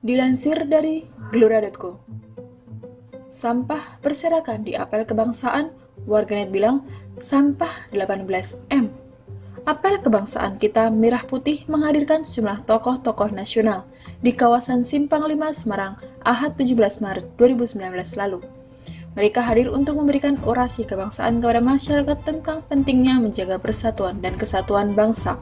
Dilansir dari Glora.co sampah berserakan di apel kebangsaan, warganet bilang sampah 18M. Apel kebangsaan kita Merah Putih menghadirkan sejumlah tokoh-tokoh nasional di kawasan Simpang 5 Semarang Ahad 17 Maret 2019 lalu. Mereka hadir untuk memberikan orasi kebangsaan kepada masyarakat tentang pentingnya menjaga persatuan dan kesatuan bangsa.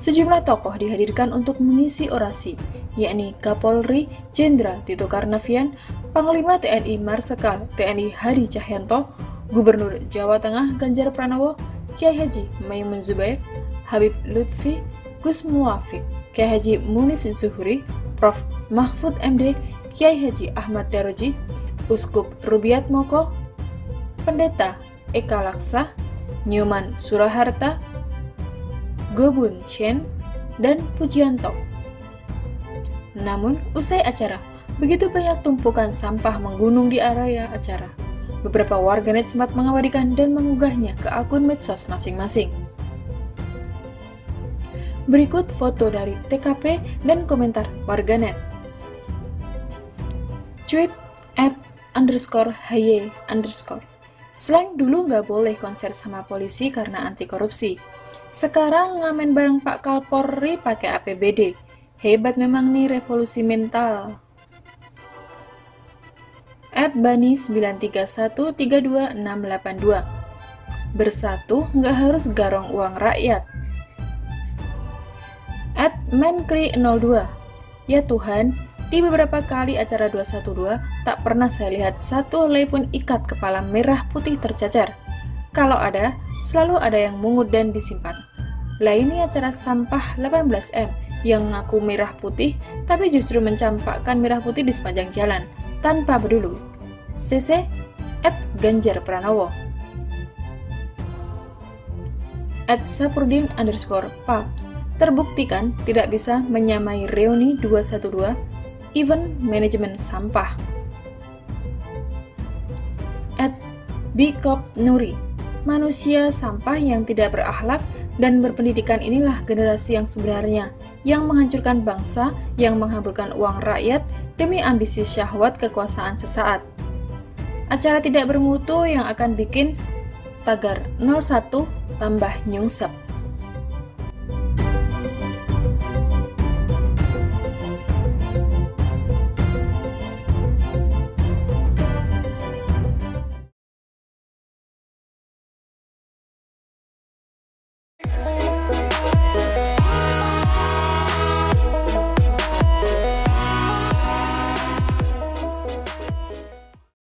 Sejumlah tokoh dihadirkan untuk mengisi orasi, yakni Kapolri Jenderal Tito Karnavian, Panglima TNI Marsikal TNI Hadi Cahyanto, Gubernur Jawa Tengah Ganjar Pranowo, Kiai Haji Maimun Zubair, Habib Lutfi, Gus Muafik, Kiai Haji Munif Zuhri, Prof. Mahfud MD, Kiai Haji Ahmad Daroji, Uskup Rubiat Moko, Pendeta Eka Laksa, Nyoman Suraharta, Gobun Chen, dan Pujianto. Namun, usai acara, begitu banyak tumpukan sampah menggunung di area acara. Beberapa warganet sempat mengabadikan dan mengunggahnya ke akun medsos masing-masing. Berikut foto dari TKP dan komentar warganet. Tweet at underscore haye underscore. Slang dulu nggak boleh konser sama polisi karena anti korupsi. Sekarang ngamen bareng Pak Kalpori pakai APBD. Hebat memang nih revolusi mental. At Bani 931 Bersatu nggak harus garong uang rakyat. At Menkri 02 Ya Tuhan, di beberapa kali acara 212 tak pernah saya lihat satu helai pun ikat kepala merah putih tercecer. Kalau ada, selalu ada yang mungut dan disimpan. Lah ini acara sampah 18M yang mengaku merah putih tapi justru mencampakkan merah putih di sepanjang jalan tanpa peduli. CC at Ganjar Pranowo at Sapurdin underscore Pak terbuktikan tidak bisa menyamai reuni 212 event manajemen sampah at Bikop Nuri manusia sampah yang tidak berakhlak dan berpendidikan inilah generasi yang sebenarnya, yang menghancurkan bangsa, yang menghamburkan uang rakyat demi ambisi syahwat kekuasaan sesaat. Acara tidak bermutu yang akan bikin tagar 01 tambah nyungsep.